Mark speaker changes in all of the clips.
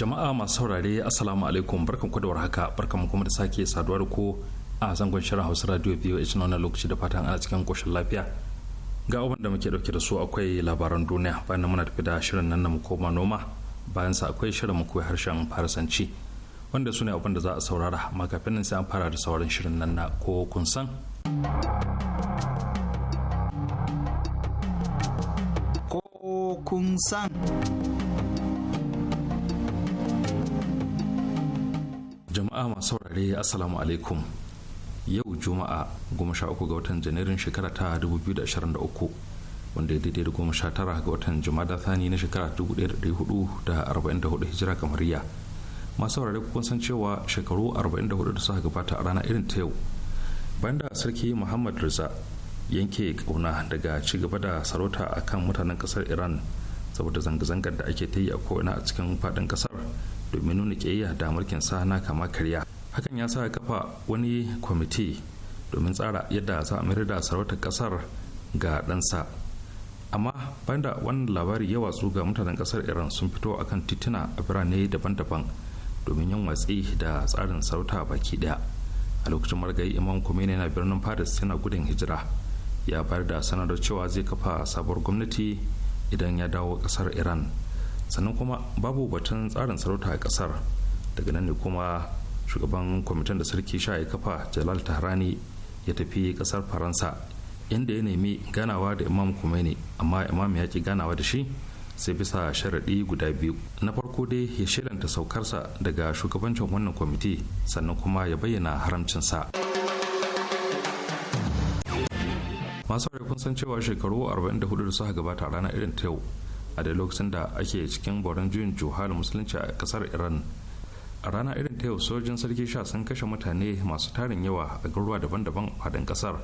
Speaker 1: jama'a masu saurare assalamu alaikum barkan da haka barkan kuma da sake saduwa da ko a zangon shirin hausa radio biyu a wannan lokaci da fatan ana cikin koshin lafiya ga abin da muke dauke da su akwai labaran duniya bayan muna tafi da shirin nan na mu koma noma bayan sa akwai shirin mu koyi harshen farasanci wanda su ne abin da za a saurara amma kafin nan sai an fara da sauran shirin nan na ko kun san ko kun san jama'a masu saurare assalamu alaikum yau juma'a goma ga watan janairun shekara ta 2023 wanda ya daidai da goma sha tara ga watan da thani na shekara 1444 hijira kamariya masu saurare kun san cewa shekaru 44 da suka gabata a rana irin ta yau bayan da sarki muhammad riza yanke kauna daga ci gaba da sarauta a kan mutanen kasar iran saboda zanga-zangar da ake ta yi a ko'ina a cikin faɗin ƙasa domin nuna ƙiyayya da mulkin sa na kama karya hakan ya sa kafa wani kwamiti domin tsara yadda za a mayar da sarautar kasar ga ɗansa amma bayan da wannan labari ya watsu ga mutanen kasar iran sun fito akan tituna a birane daban-daban domin yin watsi da tsarin sarauta baki daya a lokacin margayi imam khomeini na birnin paris yana gudun hijira ya bayar da sanarwar cewa zai kafa sabuwar gwamnati idan ya dawo kasar iran sannan kuma babu batun tsarin sarauta a kasar daga nan ne kuma shugaban kwamitin da sarki sha ya kafa jalal tahrani ya tafi kasar faransa inda ya nemi ganawa da imam ne amma imam ya ki ganawa da shi sai bisa sharaɗi guda biyu na farko dai ya shirinta saukarsa daga shugabancin wannan kwamiti sannan kuma ya bayyana haramcinsa masu kun san cewa shekaru 44 da suka gabata a ranar irin ta yau a da lokacin da ake cikin boron juyin juhal musulunci a kasar iran a rana irin ta yau sojin sarki sha sun kashe mutane masu tarin yawa a garuruwa daban-daban a faɗin kasar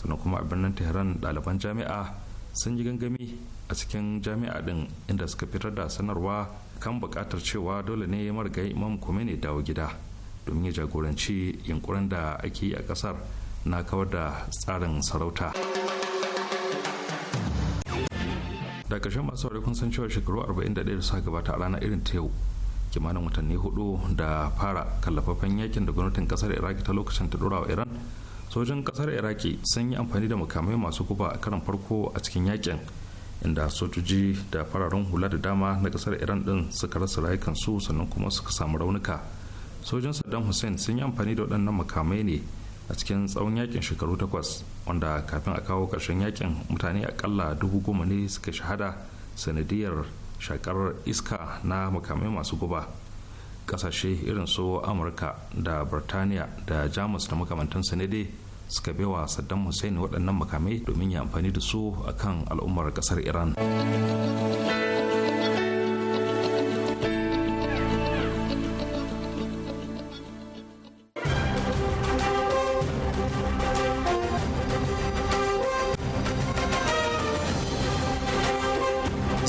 Speaker 1: sannan kuma a birnin tehran ɗaliban jami'a sun yi gangami a cikin jami'a din inda suka fitar da sanarwa kan buƙatar cewa dole ne marigayi imam ne dawo gida domin ya jagoranci yunkurin da ake yi a ƙasar na kawar da tsarin sarauta. da ƙarshen masu saurari kun san cewa shekaru 41 da suka gabata a ranar irin ta yau kimanin watanni hudu da fara kallafafen yakin da gwamnatin kasar iraki ta lokacin ta dora wa iran sojin kasar iraki sun yi amfani da makamai masu guba a karan farko a cikin yakin inda sojoji da fararen hula da dama na kasar iran din suka rasa rayukansu sannan kuma suka samu raunuka sojin saddam hussein sun yi amfani da waɗannan makamai ne a cikin tsawon yakin shekaru takwas wanda kafin a kawo ƙarshen yakin mutane akalla dubu goma ne suka shahada sanadiyar shakar iska na makamai masu guba ƙasashe irin su amurka da birtaniya da jamus da makamantansa ne dai suka baiwa saddam hussein waɗannan makamai domin ya amfani da su akan al'ummar ƙasar iran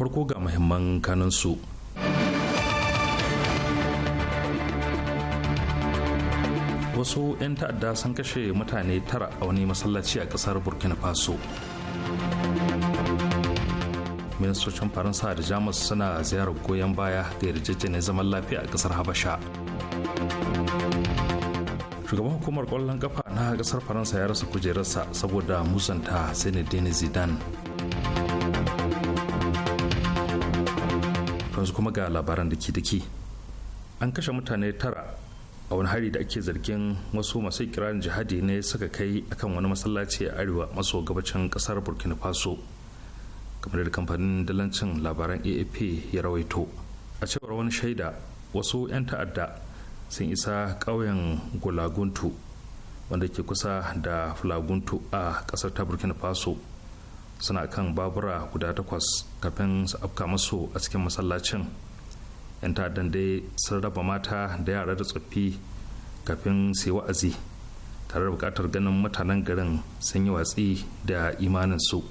Speaker 1: farko ga muhimman su. wasu 'yan ta'adda sun kashe mutane tara a wani masallaci a ƙasar burkina faso ministocin faransa da jamus suna ziyarar goyon baya ga yarjejeniyar zaman lafiya a ƙasar habasha shugaban hukumar ƙwallon kafa na ƙasar faransa ya rasa kujerarsa saboda musanta zinedine zidane yanzu kuma ga labaran da ke dake an kashe mutane tara a wani hari da ake zargin wasu masu kirarin jihadi ne suka kai akan wani masallaci a arewa maso gabacin kasar burkina faso kamar da kamfanin dalancin labaran aap ya rawaito a cewar wani shaida wasu 'yan ta'adda sun isa ƙauyen gulaguntu wanda ke kusa da fulaguntu a ƙasar ta burkina faso suna kan babura guda takwas kafin su afka masu a cikin masallacin 'yan ta'addan dai sun raba mata da yara da tsoffi kafin su yi wa'azi tare da bukatar ganin mutanen garin sun yi watsi da imanin su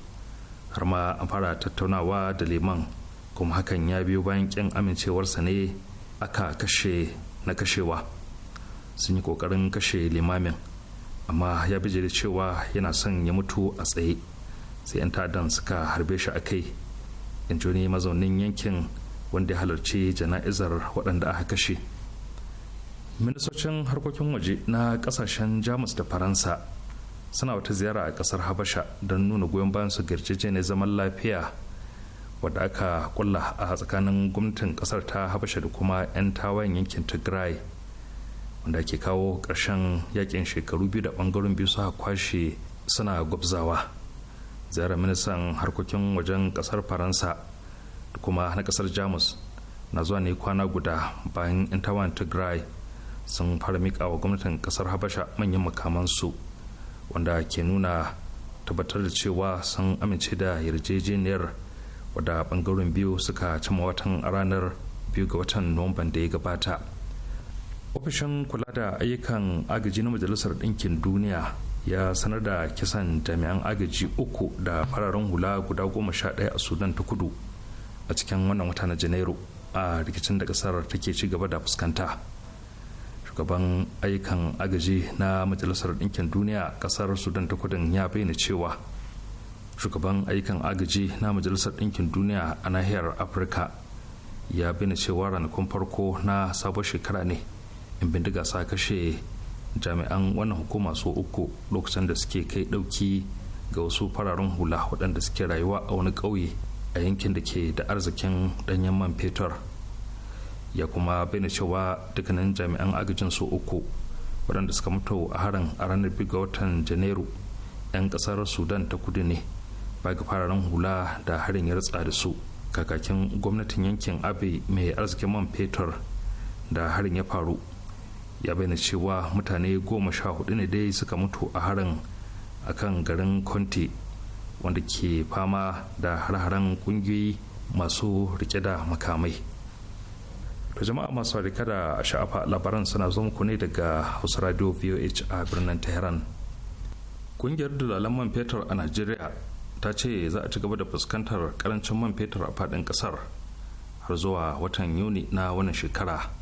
Speaker 1: har ma an fara tattaunawa da liman kuma hakan ya biyo bayan kin amincewarsa ne aka kashe na kashewa sun yi kokarin kashe limamin amma ya da cewa yana son ya mutu a tsaye sai 'yan ta'addan suka harbe shi a kai in ji mazaunin yankin wanda ya halarci jana'izar waɗanda aka kashe ministocin harkokin waje na ƙasashen jamus da faransa suna wata ziyara a ƙasar habasha don nuna goyon bayan su girjejeniyar zaman lafiya wadda aka kulla a tsakanin gwamnatin ƙasar ta habasha da kuma 'yan tawayen yankin tigray wanda ke kawo ƙarshen yakin shekaru biyu da ɓangaren biyu su kwashe suna gwabzawa zara ministan harkokin wajen kasar faransa da kuma na kasar jamus na zuwa ne kwana guda bayan intawan tigray sun fara miƙa wa gwamnatin kasar habasha manyan makamansu wanda ke nuna tabbatar da cewa sun amince da yarjejeniyar wadda bangaren biyu suka cimma watan ranar biyu ga watan nuwamban da ya gabata ofishin kula da ayyukan agaji na majalisar ɗinkin duniya ya sanar da kisan jami'an agaji uku da fararen hula guda goma sha ɗaya a sudan ta kudu a cikin wannan wata na janairu a rikicin da ƙasar take ci gaba da fuskanta shugaban ayyukan agaji na majalisar ɗinkin duniya ƙasar sudan ta kudin ya bayyana cewa shugaban ayyukan agaji na majalisar ɗinkin duniya a nahiyar afirka ya bayyana cewa ranakun farko na sabon shekara ne in bindiga sa kashe jami'an wannan hukuma su uku lokacin da suke kai ɗauki ga wasu fararen hula waɗanda suke rayuwa a wani ƙauye a yankin da ke da arzikin ɗanyen man fetur ya kuma bayyana cewa dukkanin jami'an agajin su uku waɗanda suka mutu a harin a ranar biyu ga watan janairu 'yan ƙasar sudan ta kudu ne ba ga fararen hula da harin ya ratsa da su kakakin gwamnatin yankin abe mai arzikin man fetur da harin ya faru ya bayyana cewa mutane goma sha hudu ne dai suka mutu a harin a kan garin conte wanda ke fama da har-haren kungiyoyi masu rike da makamai to jama'a masu rika da sha'afa labaran suna zo muku ne daga hausa radio voh a birnin tehran kungiyar dalalan man fetur a najeriya ta ce za a ci gaba da fuskantar karancin man fetur a faɗin ƙasar har zuwa watan yuni na wannan shekara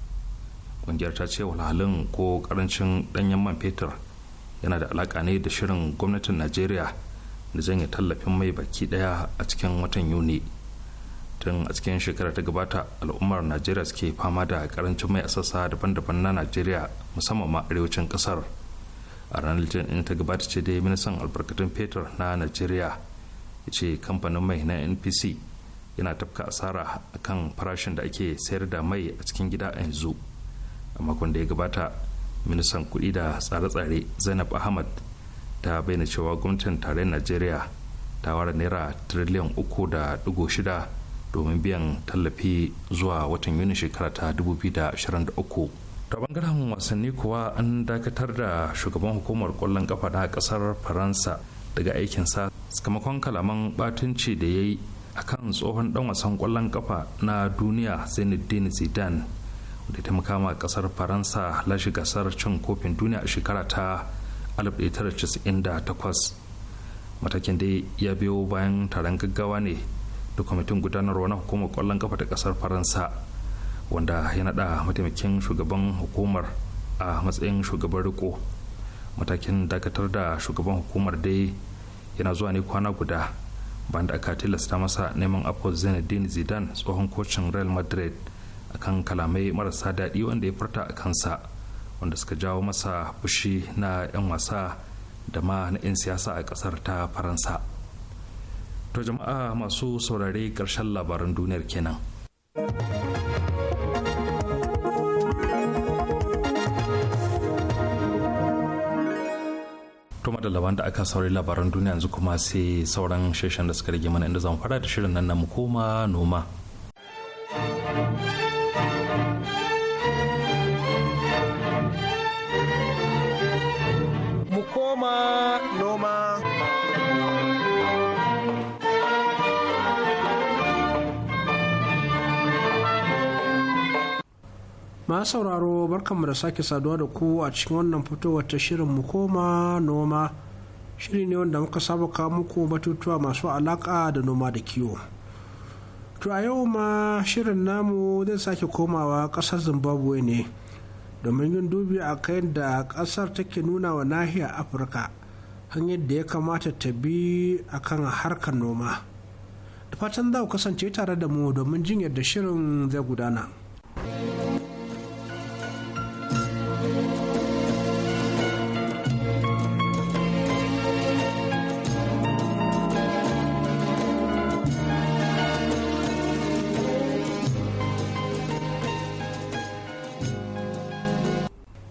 Speaker 1: kungiyar ta ce walhalin ko karancin danyen man fetur yana da alaka ne da shirin gwamnatin najeriya da janye tallafin mai baki daya a cikin watan yuni tun a cikin shekara ta gabata al'ummar najeriya suke fama da karancin mai a sassa daban-daban na najeriya musamman ma arewacin kasar a ranar litinin ta gabata ce dai ministan albarkatun fetur na najeriya ya ce kamfanin mai na npc yana tafka asara akan farashin da ake sayar da mai a cikin gida a yanzu a makon da ya gabata ministan kudi da tsare-tsare zainab ahmad ta bayyana cewa gwamnatin tarayyar najeriya ta ware naira tiriliyan uku da dugo shida domin biyan tallafi zuwa watan yuni shekara ta 2023 ta bangaren wasanni kuwa an dakatar da shugaban hukumar kwallon kafa na kasar faransa daga aikin aikinsa sakamakon kalaman batunci da ya yi a kan tsohon dan wasan kwallon kafa na duniya zainuddin zidane da ta makama kasar faransa lashe gasar cin kofin duniya a shekara ta 1998 matakin dai ya biyo bayan taron gaggawa ne da kwamitin gudanarwa na hukumar kwallon kafa ta kasar faransa wanda ya nada mataimakin shugaban hukumar a matsayin shugaban riko matakin dakatar da shugaban hukumar dai yana zuwa ne kwana guda bayan da aka tilasta masa neman afo zinedine zidane tsohon kocin real madrid kan kalamai marasa daɗi wanda ya furta a kansa wanda suka jawo masa fushi na 'yan wasa da ma na 'yan siyasa a ƙasar ta faransa to jama'a masu saurare ƙarshen labaran duniyar kenan. kuma da labaran da aka saurari labaran duniya yanzu kuma sai sauran sheshen da suka rage mana inda zan fara da shirin nan na mu koma noma
Speaker 2: ma sauraro barkanmu da sake saduwa da ku a cikin wannan fitowar ta shirin mu koma noma shiri ne wanda muka saba kawo muku batutuwa masu alaka da noma da kiwo to a yau ma shirin namu zai sake komawa kasar zimbabwe ne domin yin dubi a kai da kasar take nuna wa nahiyar afirka hanyar da ya kamata ta bi a kan harkar noma da fatan za ku kasance tare da mu domin jin yadda shirin zai gudana.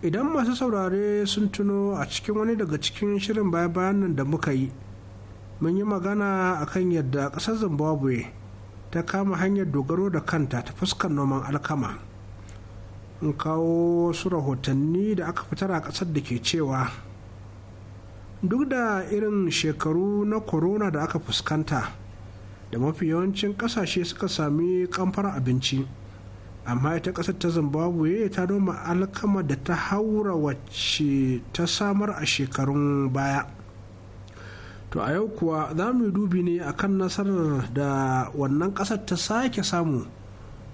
Speaker 2: idan masu saurare sun tuno a cikin wani daga cikin shirin baya bayan nan da muka yi mun yi magana a kan yadda ƙasar zimbabwe ta kama hanyar dogaro da kanta ta fuskar noman alkama in kawo wasu rahotanni da aka fitar a ƙasar da ke cewa duk da irin shekaru na korona da aka fuskanta da mafi yawancin ƙasashe suka sami kamfar abinci amma ita kasar ta zimbabwe ta noma alkama da ta haura wacce ta samar a shekarun baya to a yau kuwa za mu yi dubi ne a kan nasarar da wannan kasar ta sake samu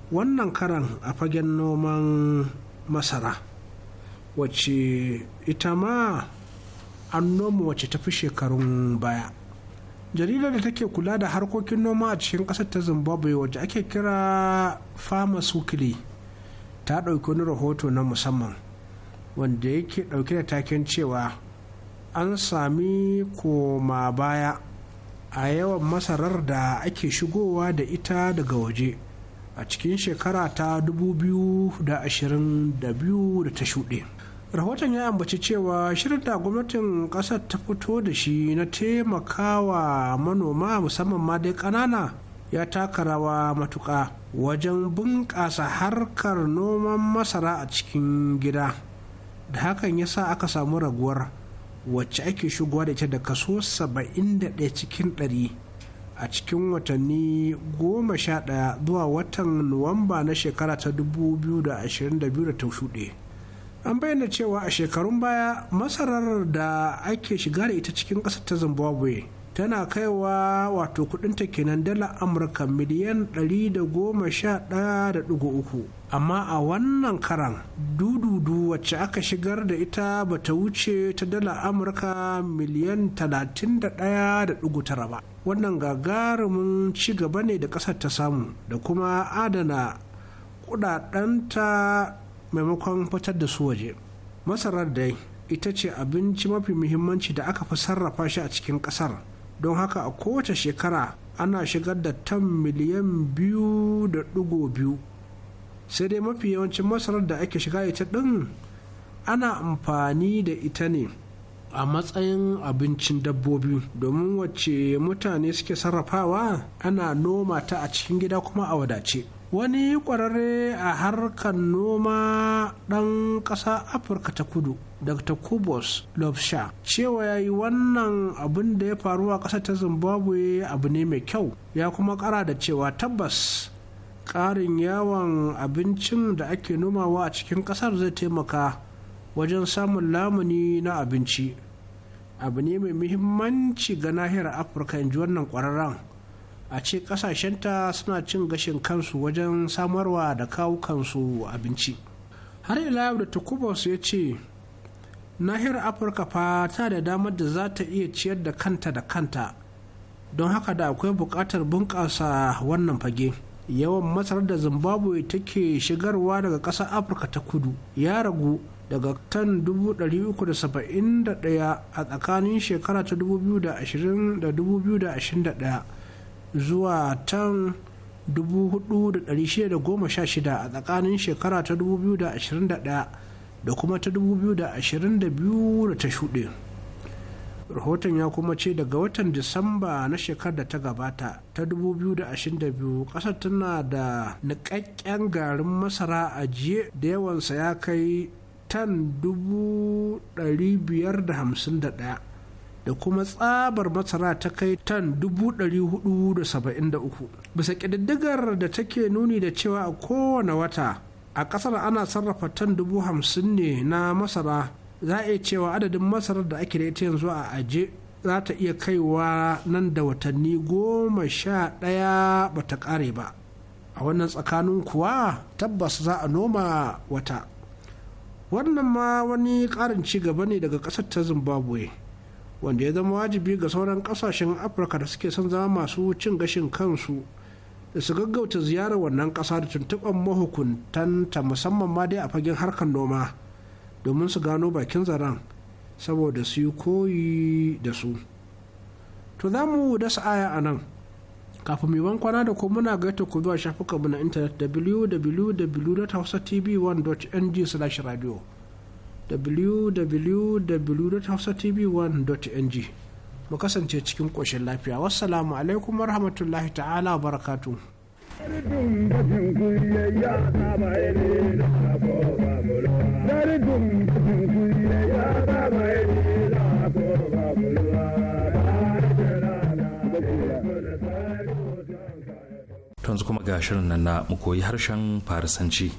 Speaker 2: wannan karan a fagen noman masara wacce ita ma an noma wacce tafi shekarun baya jaridar da take kula da harkokin noma a cikin kasar ta zimbabwe wacce ake kira farmers weekly ta ɗauki wani rahoto na musamman wanda yake ɗauke da taken cewa an sami koma baya a yawan masarar da ake shigowa da ita daga waje a cikin shekara ta 2022 da ta shuɗe rahoton ya ambaci cewa shirin da gwamnatin kasar ta fito da shi na taimakawa manoma musamman ma dai ƙanana ya taka rawa matuƙa wajen bunƙasa harkar noman masara a cikin gida da hakan ya sa aka samu raguwar wacce ake shigowa da ita da kaso 71 cikin 100 a cikin watanni 11 zuwa watan nuwamba na shekara ta 2022 da ta shuɗe. an bayyana cewa a shekarun baya masarar da ake shiga da ita cikin ƙasar ta zimbabwe tana kaiwa wato kudinta kenan dala amurka miliyan 111.3 amma a wannan karan dududu wacce aka shigar da ita bata wuce ta dala amurka miliyan 31.9 ba wannan gagarumin ci gaba ne da ƙasar ta samu da kuma adana kudadanta maimakon fitar da su waje masarar dai ita ce abinci mafi muhimmanci da aka fi sarrafa shi a cikin kasar don haka a kowace shekara ana shigar da tan miliyan biyu da dugo biyu sai dai mafi yawancin masarar da ake shiga ita ɗin ana amfani da ita ne a matsayin abincin dabbobi domin wacce mutane suke sarrafawa ana noma ta a cikin gida kuma a wadace. wani kwararre a harkar noma ɗan ƙasa afirka ta kudu dr kubos lobsha cewa ya yi wannan abin da ya faru a ƙasar ta zimbabwe abu ne mai kyau ya kuma ƙara da cewa tabbas ƙarin yawon abincin da ake nomawa a cikin ƙasar zai taimaka wajen samun lamuni na abinci abu ne mai muhimmanci ga nahiyar afirka in ji wannan ƙwararren a ce kasashenta suna cin gashin kansu wajen samarwa da kawo kansu abinci har ila da tukubos ya ce nahiyar afirka fa ta da damar da za ta iya ciyar da kanta da kanta don haka da akwai buƙatar bunƙasa wannan fage yawan masar da zimbabwe take shigarwa daga ƙasar afirka ta kudu ya ragu daga tan 371 a tsakanin shekara ta 2020 da 2021 zuwa tan 4,616 a tsakanin shekara ta 2021 da kuma ta 2022 da ta shuɗe. rahoton ya kuma ce daga watan disamba na shekarar da ta gabata ta 2022 ƙasar tana da niƙaƙƙen garin masara a jiye da yawansa ya kai tan 551 da kuma tsabar masara ta kai tan 473 bisa ƙididdigar da take nuni da cewa a kowane wata a ƙasar ana sarrafa tan 50,000 ne na masara za a iya cewa adadin masarar da ake da ita yanzu a aje za ta iya kaiwa nan da watanni goma sha ɗaya ba ta ƙare ba a wannan tsakanin kuwa tabbas za a noma wata wannan ma wani ƙarin ci gaba ne daga ƙasar ta zimbabwe wanda ya zama wajibi ga sauran kasashen afirka da suke son zama masu cin gashin kansu da su gaggauta ziyarar wannan kasa da tuntuɓar mahukuntanta musamman ma dai a fagen harkar noma domin su gano bakin zaren saboda su yi koyi da su to za mu da aya a nan kafin mai bankwana da ko muna gaita ku zuwa shafukanmu na intanet www.hausatv1.ng/radio www.hausatv1.ng mu kasance cikin ƙoshin lafiya wassalamu alaikum warahmatullahi ta'ala barakatu
Speaker 1: yanzu kuma ga shirin nan na mu koyi harshen farisanci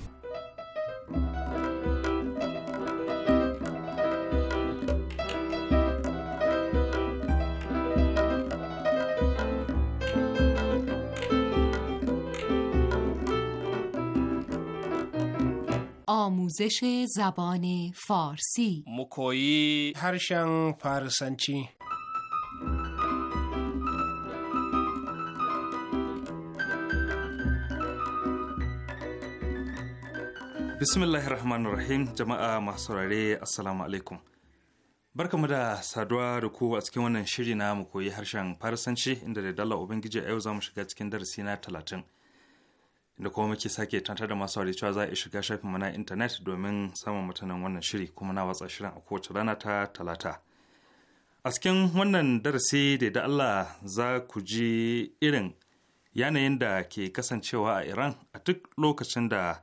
Speaker 3: آموزش زبان فارسی
Speaker 2: مکویی هرشن فارسنچی
Speaker 1: bismillahir rahmanir rahim jama'a masu saurare alaikum barkamu da saduwa da ku a cikin wannan shiri na mu koyi harshen farisanci inda da dala ubangiji a yau za mu shiga cikin darasi na talatin da kuma muke sake tantar da masu cewa za a shiga shafin mana intanet domin samun mutanen wannan shiri kuma na watsa shirin a kowace rana ta talata a cikin wannan darasi da da Allah za ku ji irin yanayin da ke kasancewa a iran a duk lokacin da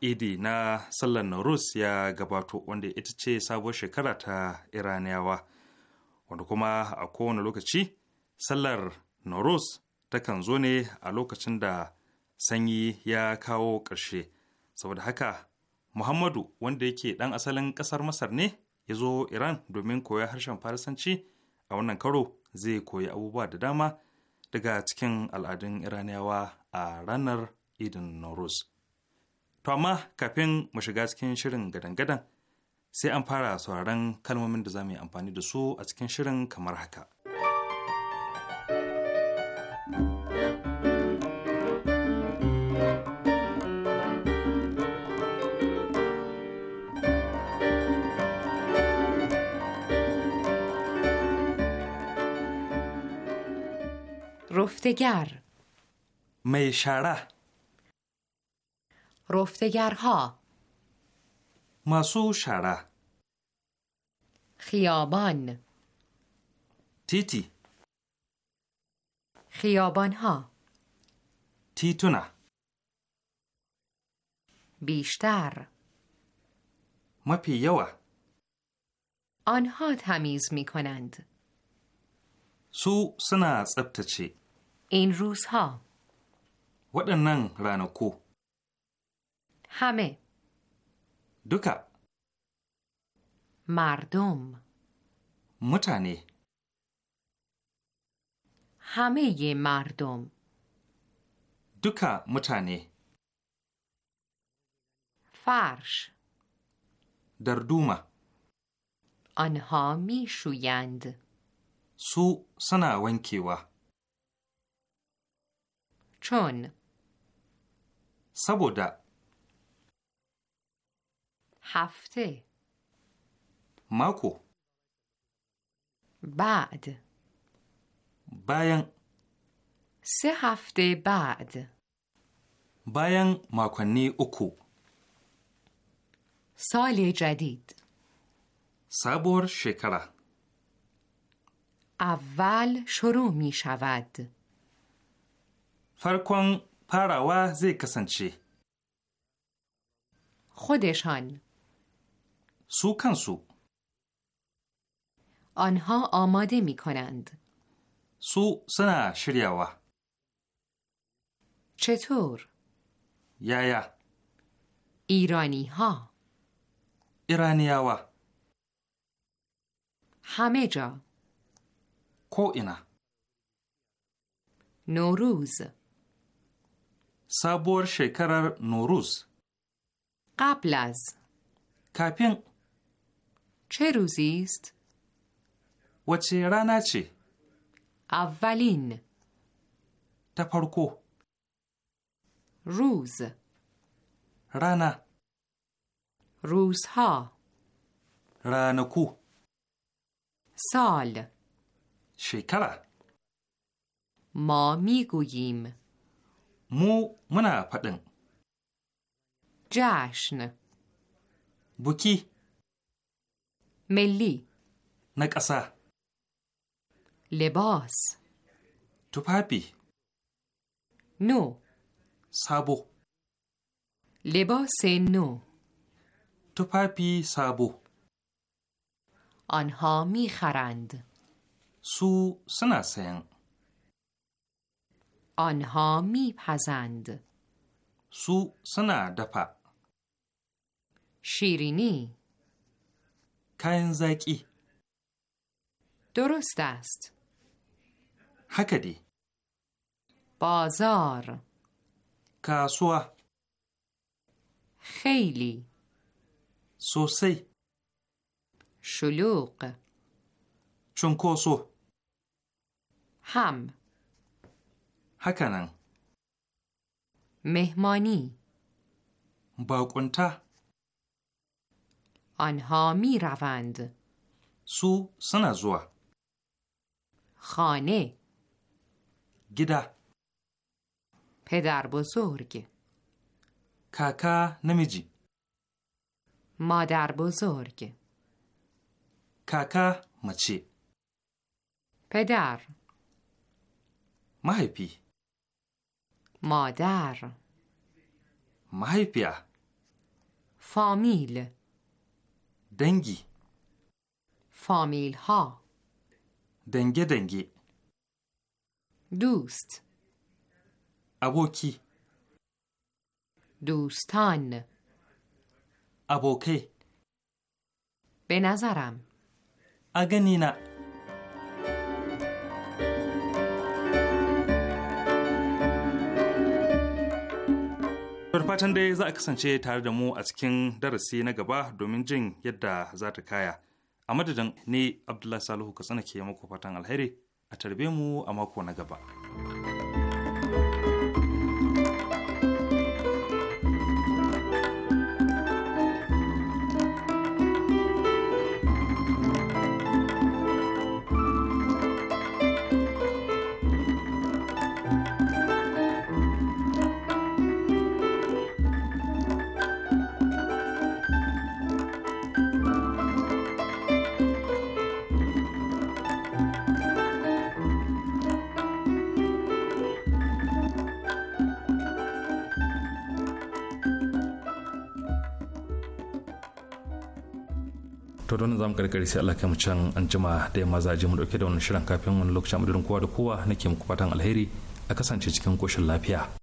Speaker 1: idi na sallar nauruz ya gabato wanda ita ce sabuwar shekara ta iraniyawa wanda kuma a kowane lokaci sallar nauruz takan zo ne a lokacin da sanyi ya kawo ƙarshe saboda haka muhammadu wanda yake ɗan asalin ƙasar masar ne ya zo iran domin koya harshen farisanci a wannan karo zai koyi abubuwa da dama daga cikin al'adun iraniyawa a ranar idin nor'os to amma kafin mu shiga cikin shirin gadan-gadan sai an fara sauraron kalmomin da za mu yi amfani da su a cikin shirin kamar haka.
Speaker 3: رفتگر
Speaker 1: میشره
Speaker 3: رفتگرها
Speaker 1: مسو شره
Speaker 3: خیابان تیتی خیابانها تیتونه بیشتر
Speaker 1: ما یوه
Speaker 3: آنها تمیز می کنند
Speaker 1: سو سنا چی این روزها waɗannan ranaku hame duka
Speaker 3: mardum mutane hame ye mardum
Speaker 1: duka mutane
Speaker 3: farsh darduma anha mi shuyand
Speaker 1: su suna wankewa چون سبوده
Speaker 3: هفته ماکو بعد باین سه هفته بعد
Speaker 1: باین ماکنی اکو
Speaker 3: سال جدید
Speaker 1: سبور شکره
Speaker 3: اول شروع می شود
Speaker 1: فرکن پاراوا زی کسنچه
Speaker 3: خودشان سو آنها آماده می کنند
Speaker 1: سو سنا شریاوه
Speaker 3: چطور؟ یا یا ایرانی ها
Speaker 1: ایرانیاوه
Speaker 3: همه جا کو اینا نوروز
Speaker 1: سابور شکرر نوروز
Speaker 3: قبل از کپین چه روزی است؟
Speaker 1: و چه رانه چی؟
Speaker 3: اولین تپرکو روز رانه روزها
Speaker 1: رانکو سال شکره
Speaker 3: ما میگوییم
Speaker 1: mu muna faɗin.
Speaker 3: Jashin Buki Meli Na ƙasa Lebos Tufafi No Sabo Lebos no Tufafi sabo آنها می خرند. سو سنا سنگ. آنها میپزند سو سنا دپا شیرینی
Speaker 1: کنزکی
Speaker 3: درست است حکدی بازار کاسوا خیلی سوسی شلوغ چونکوسو هم Hakanan. Mehmoni?
Speaker 1: Baƙunta. An hau Su suna zuwa.
Speaker 3: Kane. Gida. Fedar ba
Speaker 1: Kaka namiji.
Speaker 3: Madar ba
Speaker 1: Kaka mace. Fedar. Mahaifi.
Speaker 3: مادر
Speaker 1: مهیپیا
Speaker 3: فامیل دنگی فامیل ها
Speaker 1: دنگه دنگی
Speaker 3: دوست ابوکی دوستان ابوکی به نظرم
Speaker 1: اگه fatan dai za a kasance tare da mu a cikin darasi na gaba domin jin yadda za ta kaya. A madadin ne Abdullahi Salihu Katsina ke muku fatan alheri a tarbe mu a mako na gaba. za mu karkari sai Allah ya mu can an jima da yamma za mu dauke da wannan shirin kafin wani lokacin mu kowa da kowa nake muku fatan alheri a kasance cikin koshin lafiya